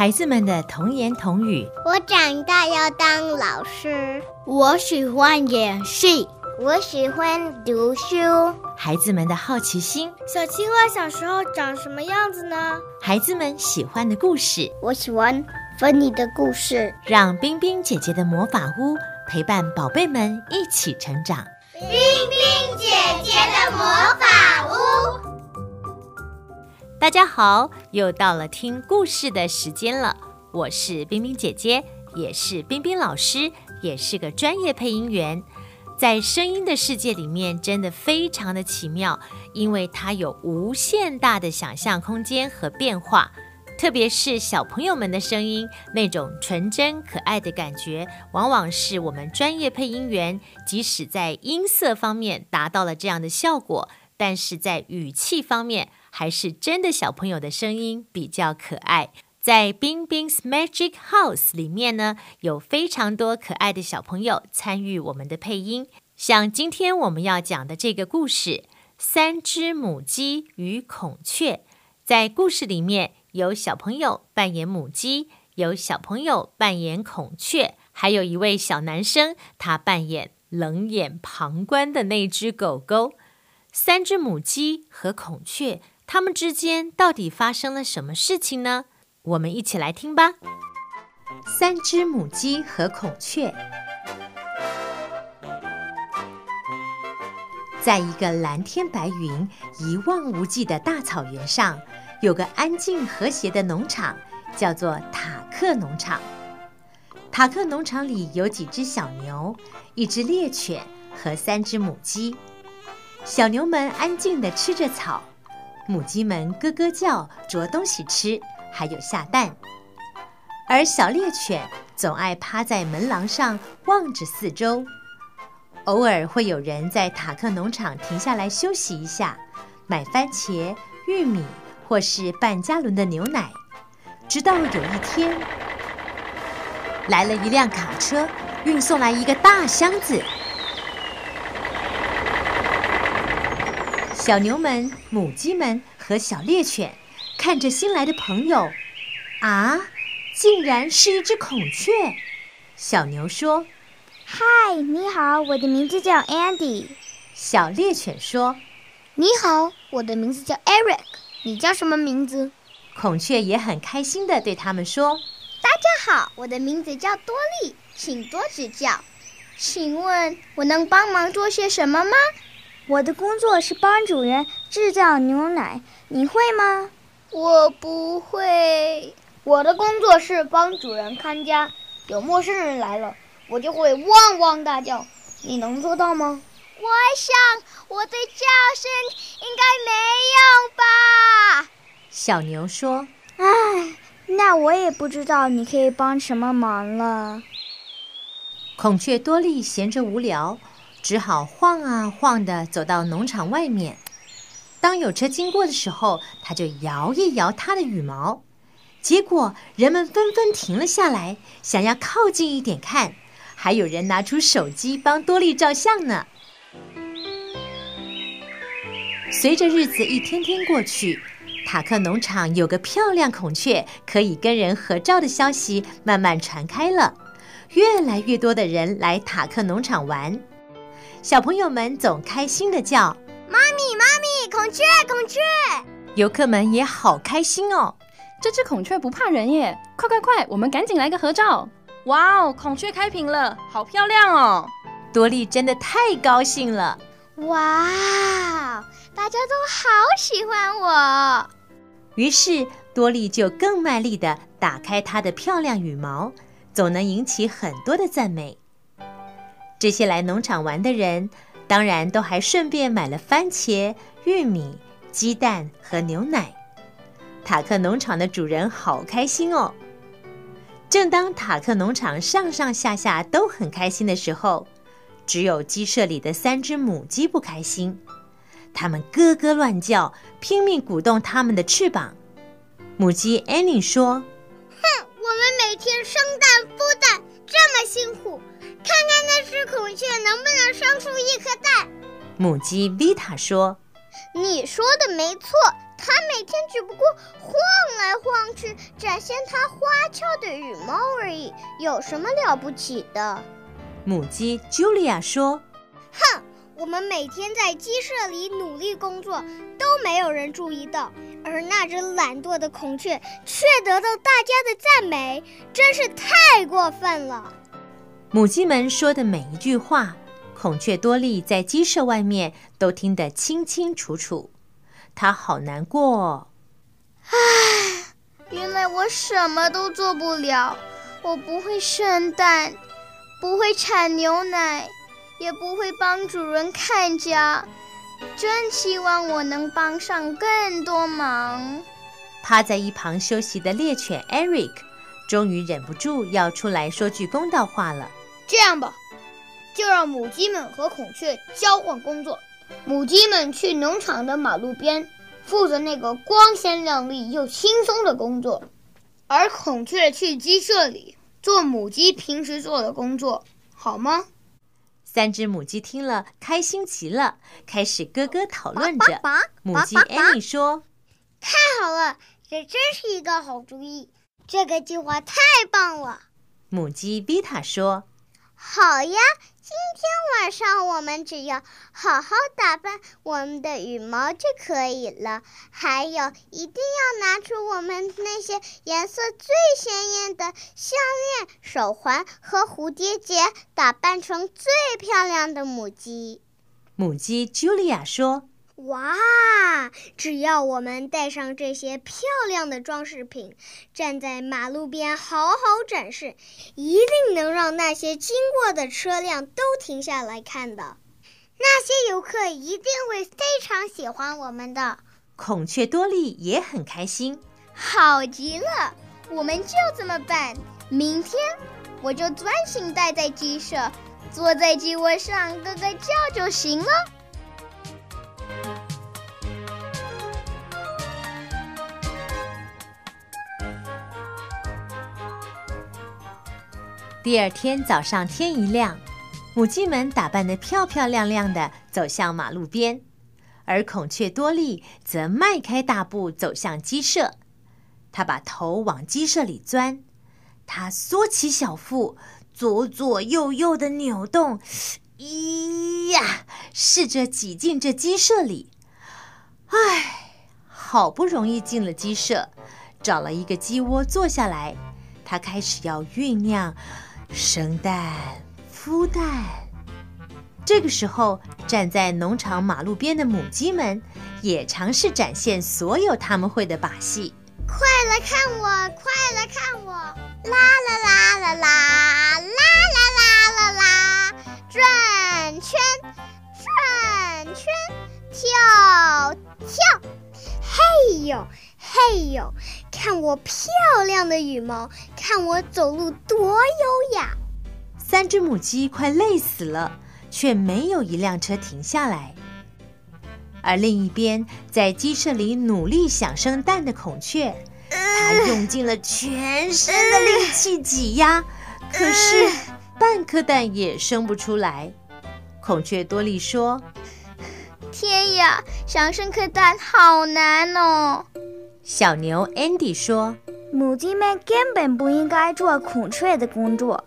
孩子們的童言童語：我長大要當老師，我喜歡演戲，我喜歡讀書。孩子們的好奇心：小青蛙小時候長什麼樣子呢？孩子們喜歡的故事：我喜歡《Fanny》的故事。讓冰冰姐姐的魔法屋陪伴寶貝們一起成長。冰冰姐姐的魔。大家好，又到了聽故事的時間了。我是冰冰姐姐，也是冰冰老師，也是個專業配音員。在聲音的世界裡面，真的非常的奇妙，因為它有無限大的想象空間和變化。特別是小朋友們的聲音，那種純真可愛的感覺，往往是我們專業配音員即使在音色方面達到了這樣的效果，但是在語氣方面，還是真的小朋友的聲音比較可愛。在《冰冰 's Magic House》裡面呢，有非常多可愛的小朋友參與我們的配音。像今天我們要講的這個故事《三隻母雞與孔雀》，在故事裡面有小朋友扮演母雞，有小朋友扮演孔雀，還有一位小男生，他扮演冷眼旁觀的那隻狗狗。三隻母雞和孔雀。他們之間到底發生了什麼事情呢？我們一起來聽吧。三只母雞和孔雀，在一個藍天白雲、一望無際的大草原上，有個安靜和諧的農場，叫做塔克農場。塔克農場裡有幾只小牛、一只獵犬和三只母雞。小牛們安靜地吃着草。母雞們咯咯叫，啄東西吃，還有下蛋；而小獵犬總愛趴在門廊上望着四周。偶爾會有人在塔克農場停下來休息一下，買番茄、玉米或是半加崙的牛奶。直到有一天，來了一輛卡車，運送來一個大箱子。小牛們、母雞們和小獵犬看着新來的朋友，啊，竟然是一隻孔雀！小牛說：“嗨，你好，我的名字叫 Andy。”小獵犬說：“你好，我的名字叫 Eric。你叫什麼名字？”孔雀也很開心地對他們說：“大家好，我的名字叫多利，請多指教。請問我能幫忙做些什麼嗎？”我的工作是幫主人制造牛奶，你會嗎？我不會。我的工作是幫主人看家，有陌生人來了，我就會汪汪大叫。你能做到嗎？我想我的叫聲應該沒有吧。小牛說：“唉，那我也不知道你可以幫什麼忙了。”孔雀多利閒着無聊。只好晃啊晃地走到農場外面。當有車經過的時候，他就搖一搖他的羽毛。結果人們紛紛停了下來，想要靠近一點看，還有人拿出手機幫多莉照相呢。隨着日子一天天過去，塔克農場有個漂亮孔雀可以跟人合照的消息慢慢傳開了，越來越多的人來塔克農場玩。小朋友們總開心地叫：“媽咪，媽咪，孔雀，孔雀！”遊客們也好開心哦。這只孔雀不怕人耶，快快快，我們趕緊來個合照！哇哦，孔雀開屏了，好漂亮哦！多利真的太高興了！哇，大家都好喜歡我。於是多利就更賣力地打開她的漂亮羽毛，總能引起很多的讚美。這些來農場玩的人，當然都還順便買了番茄、玉米、雞蛋和牛奶。塔克農場的主人好開心哦。正當塔克農場上上下下都很開心的時候，只有雞舍裡的三隻母雞不開心。它們咯咯亂叫，拼命鼓動它們的翅膀。母雞 Annie 說：“哼，我們每天生蛋孵蛋這麼辛苦。”看看那隻孔雀能不能生出一顆蛋。母雞維塔說：“你說的沒錯，它每天只不過晃來晃去，展現它花俏的羽毛而已，有什麼了不起的？”母雞朱莉亞說：“哼，我們每天在雞舍裡努力工作，都沒有人注意到，而那隻懶惰的孔雀卻得到大家的讚美，真是太過分了。”母雞們說的每一句話，孔雀多利在雞舍外面都聽得清清楚楚。它好難過哦，唉，原來我什麼都做不了。我不會生蛋，不會產牛奶，也不會幫主人看家。真希望我能幫上更多忙。趴在一旁休息的獵犬艾瑞克，終於忍不住要出來說句公道話了。這樣吧，就讓母雞們和孔雀交換工作。母雞們去農場的馬路邊，負責那個光鮮亮麗又輕鬆的工作；而孔雀去雞舍裡做母雞平時做的工作，好嗎？三隻母雞聽了，開心極了，開始咯咯討論着母雞吧吧吧吧。母雞艾米說：“太好了，這真是一個好主意。這個計劃太棒了。”母雞貝塔說。好呀，今天晚上我們只要好好打扮我們的羽毛就可以了。還有，一定要拿出我們那些顏色最鮮豔的項鏈、手環和蝴蝶結，打扮成最漂亮的母雞。母雞茱莉亞說。哇！只要我們帶上這些漂亮的裝飾品，站在馬路邊好好展示，一定能讓那些經過的車輛都停下來看的。那些遊客一定會非常喜歡我們的。孔雀多莉也很開心。好極了，我們就這麼辦。明天我就專心待在雞舍，坐在雞窩上咯咯叫就行了。第二天早上天一亮，母雞們打扮得漂漂亮亮的走向馬路邊，而孔雀多利則邁開大步走向雞舍。她把頭往雞舍裡鑽，她縮起小腹，左左右右地扭動，咦呀，試着擠進這雞舍裡。唉，好不容易進了雞舍，找了一個雞窩坐下來，她開始要醞釀。生蛋、孵蛋，這個時候，站在農場馬路邊的母雞們也嘗試展現所有他們會的把戲。快來看我，快來看我！啦啦啦啦啦，啦啦啦啦啦，轉圈，轉圈，跳跳，嘿喲！嘿呦，看我漂亮的羽毛，看我走路多優雅。三隻母雞快累死了，卻沒有一輛車停下來。而另一邊，在雞舍裡努力想生蛋的孔雀，它用盡了全身的力氣擠壓，可是半顆蛋也生不出來。孔雀多利說：“天呀，想生顆蛋好難哦。”小牛 Andy 說：“母雞們根本不應該做孔雀的工作。”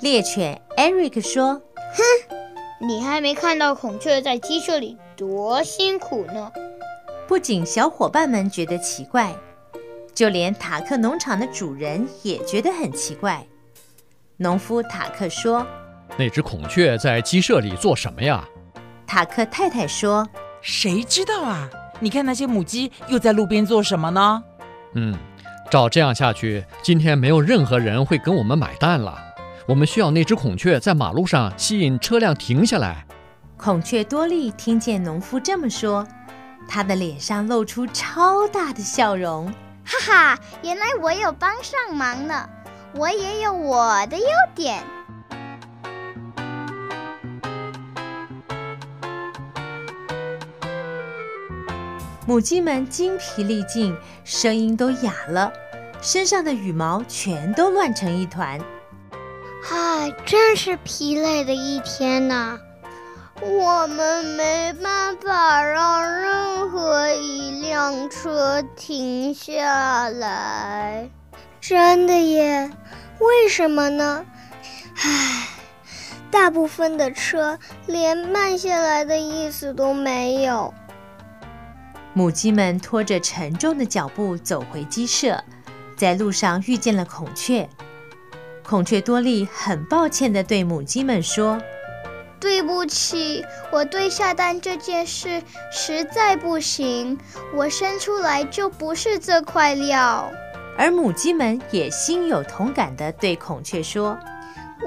獵犬 Eric 說：“哼，你還沒看到孔雀在雞舍裡多辛苦呢！”不僅小夥伴們覺得奇怪，就連塔克農場的主人也覺得很奇怪。農夫塔克說：“那只孔雀在雞舍裡做什麼呀？”塔克太太說：“誰知道啊？”你看那些母雞又在路邊做什麼呢？嗯，照這樣下去，今天沒有任何人會跟我們買蛋了。我們需要那只孔雀在馬路上吸引車輛停下來。孔雀多利聽見農夫這麼說，他的臉上露出超大的笑容。哈哈，原來我有幫上忙呢，我也有我的優點。母雞們精疲力盡，聲音都啞了，身上的羽毛全都亂成一團。啊，真是疲累的一天吶！我們沒辦法讓任何一輛車停下來，真的耶？為什麼呢？唉，大部分的車連慢下來的意思都沒有。母雞們拖着沉重的腳步走回雞舍，在路上遇見了孔雀。孔雀多利很抱歉地對母雞們說：“對不起，我對下蛋這件事實在不行，我生出來就不是這塊料。”而母雞們也心有同感地對孔雀說：“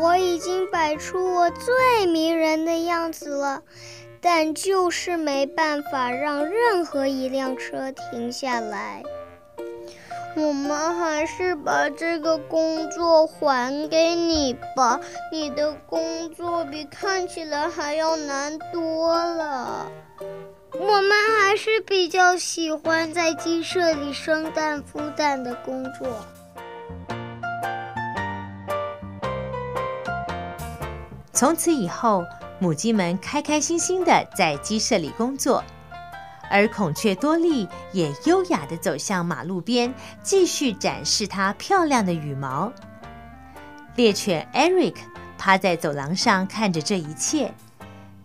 我已經擺出我最迷人的樣子了。”但就是沒辦法讓任何一輛車停下來。我們還是把這個工作還給你吧。你的工作比看起來還要難多了。我們還是比較喜歡在雞舍裡生蛋、孵蛋的工作。從此以後。母雞們開開心心地在雞舍裡工作，而孔雀多莉也優雅地走向馬路邊，繼續展示它漂亮的羽毛。獵犬 Eric 趴在走廊上看着這一切，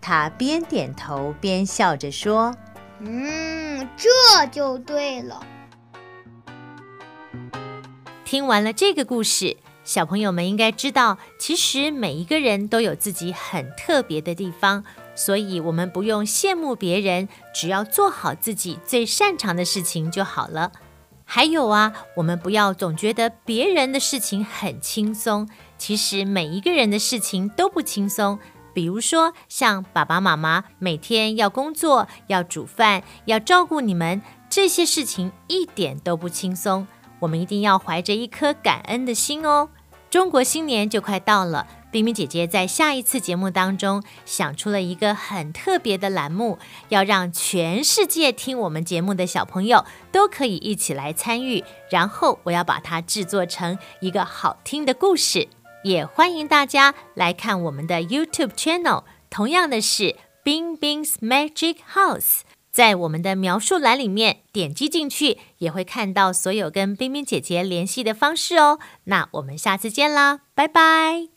他邊點頭邊笑着說：“嗯，這就對了。”聽完了這個故事。小朋友們應該知道，其實每一個人都有自己很特別的地方，所以我們不用羨慕別人，只要做好自己最擅長的事情就好了。還有啊，我們不要總覺得別人的事情很輕鬆，其實每一個人的事情都不輕鬆。比如說，像爸爸媽媽每天要工作、要煮飯、要照顧你們，這些事情一點都不輕鬆。我們一定要懷着一顆感恩的心哦！中國新年就快到了，冰冰姐姐在下一次節目當中想出了一個很特別的欄目，要讓全世界聽我們節目的小朋友都可以一起來參與，然後我要把它制作成一個好聽的故事，也歡迎大家來看我們的 YouTube channel。同樣的是，冰冰的 Magic House。在我們的描述欄裡面點擊進去，也會看到所有跟冰冰姐姐聯繫的方式哦。那我們下次見啦，拜拜。